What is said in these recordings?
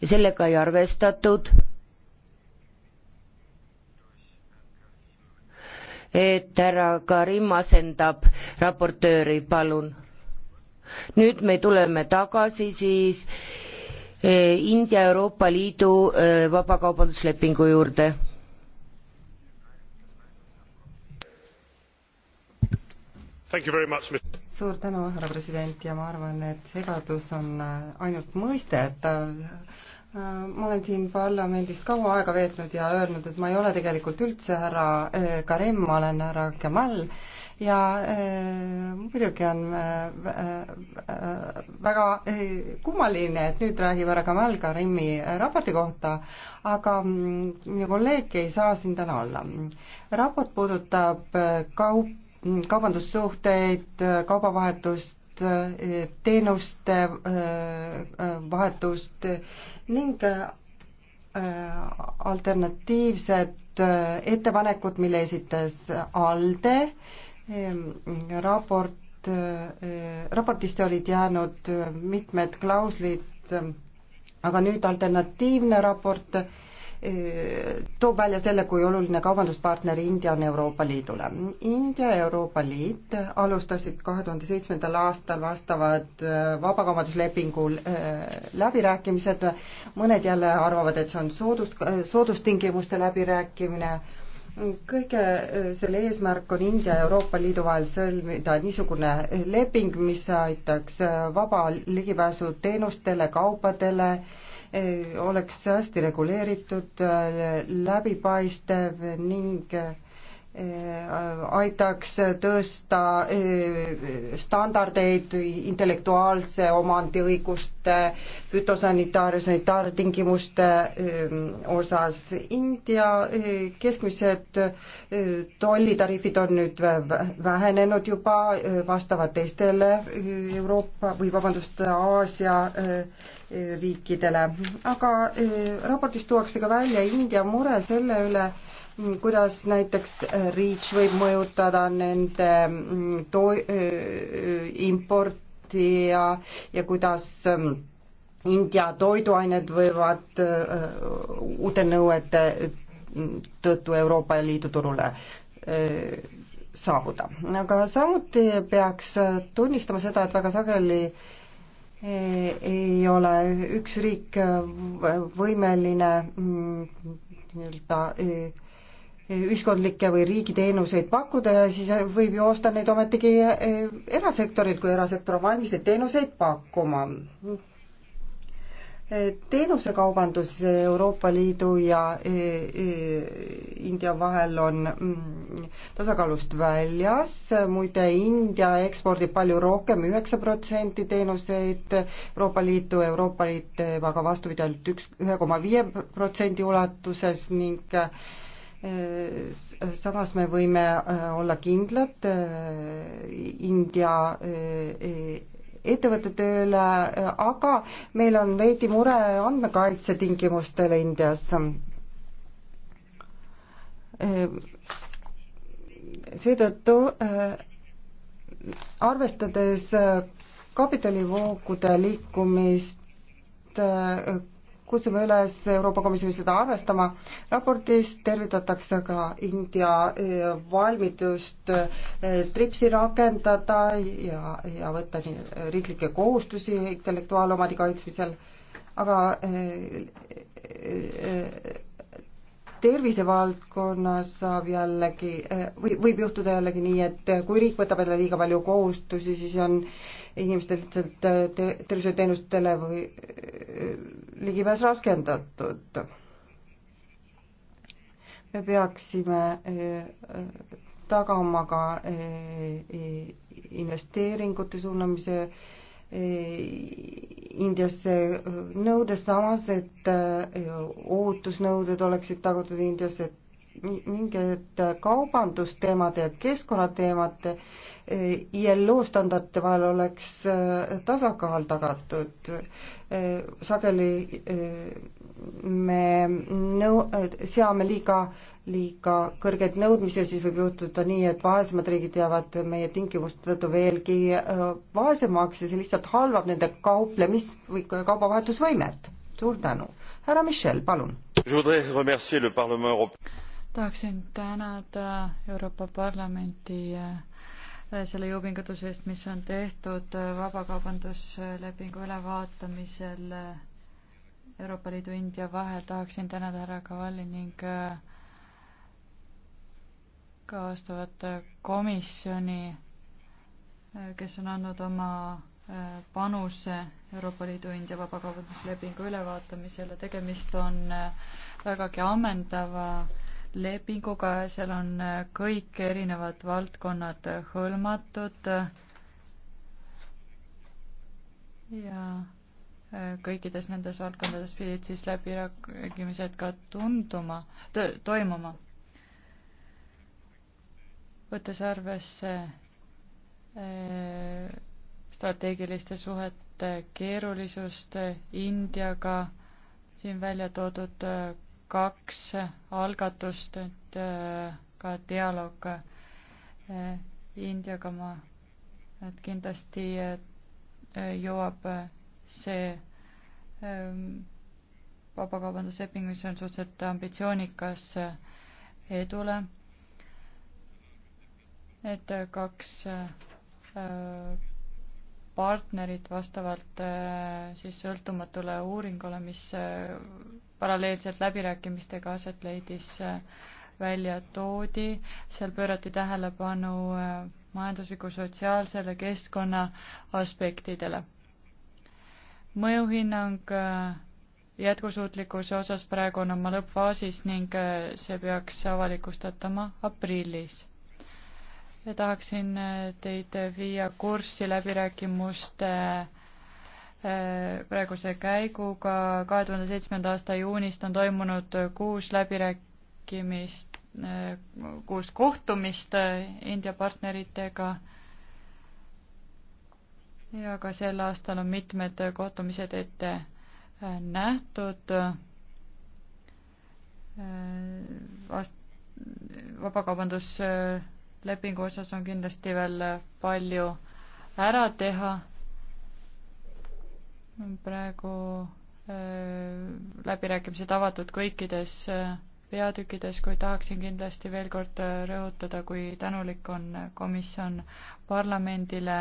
ja sellega ei arvestatud, et härra Karim asendab raportööri, palun. nüüd me tuleme tagasi siis eh, India Euroopa Liidu eh, vabakaubanduslepingu juurde. suur tänu, härra president ja ma arvan, et segadus on eh, ainult mõiste, et Äh, ma olen siin parlamendis kaua aega veetnud ja öelnud, et ma ei ole tegelikult üldse härra äh, Karim, ma olen härra Kemal ja äh, muidugi on väga kummaline, et nüüd räägib härra Kamal Karimi raporti kohta, aga mm, minu kolleeg ei saa siin täna olla. raport puudutab kaup, kaubandussuhteid, kaubavahetust, teenuste äh, äh, vahetust ning äh, alternatiivsed ettepanekud, mille esitas ALDE ähm, raport, raportist olid jäänud mitmed klauslid, aga nüüd alternatiivne raport toob välja selle, kui oluline kaubanduspartner India on Euroopa Liidule. India ja Euroopa Liit alustasid kahe tuhande seitsmendal aastal vastavad äh, vabakaubanduslepingu äh, läbirääkimised, mõned jälle arvavad, et see on soodust, äh, soodustingimuste läbirääkimine, kõige selle eesmärk on India ja Euroopa Liidu vahel sõlmida niisugune leping, mis aitaks vaba ligipääsu teenustele, kaupadele, Äh, oleks hästi reguleeritud, äh, läbipaistev ning äh, Äh, aitaks tõsta äh, standardeid intellektuaalse omandiõiguste, fütosanitaar- ja sanitaartingimuste äh, osas. India keskmised tollitariifid on nüüd vähenenud juba vastavalt teistele Euroopa või vabandust, Aasia riikidele. aga raportis tuuakse ka välja India mure selle üle, Mm, kuidas näiteks äh, REACH võib mõjutada nende mm, to-, äh, importi ja, ja kuidas ähm, India toiduained võivad äh, uute nõuete mm, tõttu Euroopa Liidu turule saabuda. aga samuti peaks tunnistama seda, et väga sageli ei ole üks riik võimeline nii-öelda ühiskondlikke või riigiteenuseid pakkuda ja siis võib ju osta neid ometigi eh, erasektorilt, kui erasektor on valmis neid teenuseid pakkuma. Eh, teenusekaubandus Euroopa Liidu ja eh, India vahel on mm, tasakaalust väljas, muide India ekspordib palju rohkem, üheksa protsenti teenuseid Euroopa Liitu, Euroopa Liit teeb aga vastupidi ainult üks, ühe koma viie protsendi ulatuses ning Äh, samas me võime äh, olla kindlad äh, India ettevõtete üle, aga meil on veidi mure andmekaitse tingimustele Indias. seetõttu arvestades kapitalivoogude liikumist kutsume üles Euroopa Komisjoni seda arvestama. raportis tervitatakse ka India eh, valmidust eh, tripsi rakendada ja, ja võtta nii eh, riiklikke kohustusi intellektuaalomandi kaitsmisel, aga tervisevaldkonnas saab jällegi või võib juhtuda jällegi nii, et kui riik võtab endale liiga palju kohustusi, siis on äh, inimestelt äh, tervishoiuteenustele või äh, ligipääs raskendatud. me peaksime äh, tagama ka investeeringute suunamise Indiasse nõudes samas, et ohutusnõuded oleksid tagatud Indias, et mingid kaubandusteemade ja keskkonnateemade eh, ILO standardite vahel oleks eh, tasakaal tagatud. Eh, sageli me nõu-, seame liiga, liiga kõrgeid nõudmisi ja siis võib juhtuda nii, et vaesemad riigid jäävad meie tingimuste tõttu veelgi vaesemaks ja see lihtsalt halvab nende kauplemist või kaubavahetusvõimet. suur tänu. härra Michel, palun tahaksin tänada Euroopa Parlamenti äh, selle jõupingutuse eest, mis on tehtud äh, vabakaubanduslepingu ülevaatamisel äh, Euroopa Liidu India vahel. tahaksin tänada härra Kavalli ning ka vastavat komisjoni, kes on andnud oma panuse Euroopa Liidu India vabakaubanduslepingu ülevaatamisele. tegemist on vägagi ammendava lepinguga, seal on äh, kõik erinevad valdkonnad äh, hõlmatud ja äh, kõikides nendes valdkondades pidid siis läbirääkimised ka tunduma, toimuma. võttes arvesse strateegiliste suhete keerulisust Indiaga, siin välja toodud kaks algatust, et äh, ka dialoog äh, Indiaga ma, et kindlasti äh, jõuab see ähm, vabakaubandusleping, mis on suhteliselt ambitsioonikas edule. Need kaks partnerid vastavalt äh, siis sõltumatule uuringule, mis äh, paralleelselt läbirääkimistega aset leidis, äh, välja toodi, seal pöörati tähelepanu majandusliku, sotsiaalsele, keskkonna aspektidele. mõjuhinnang jätkusuutlikkuse osas praegu on oma lõppfaasis ning see peaks avalikustatama aprillis ja tahaksin äh, teid äh, viia kurssi läbirääkimuste äh, praeguse käiguga. kahe tuhande seitsmenda aasta juunist on toimunud kuus läbirääkimist, kuus kohtumist India partneritega. ja ka sel aastal on mitmed kohtumised ette nähtud. vast-, vabakaubandus lepingu osas on kindlasti veel palju ära teha. praegu äh, läbirääkimised avatud kõikides äh, peatükkides, kuid tahaksin kindlasti veel kord äh, rõhutada, kui tänulik on komisjon parlamendile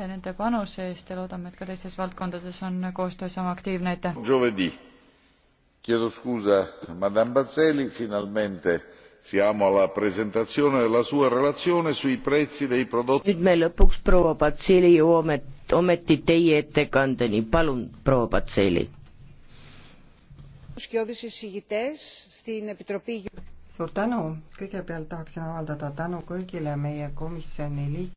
nende panuse eest ja loodame, et ka teistes valdkondades on koostöö sama aktiivne, aitäh! siamo alla presentazione della sua relazione sui prezzi dei prodotti. nüüd me lõpuks proua Patsili jõuame ometi teie ettekandeni, palun proua Patsili. suur tänu, kõigepealt tahaksin avaldada tänu kõigile meie komisjoni liikmetele.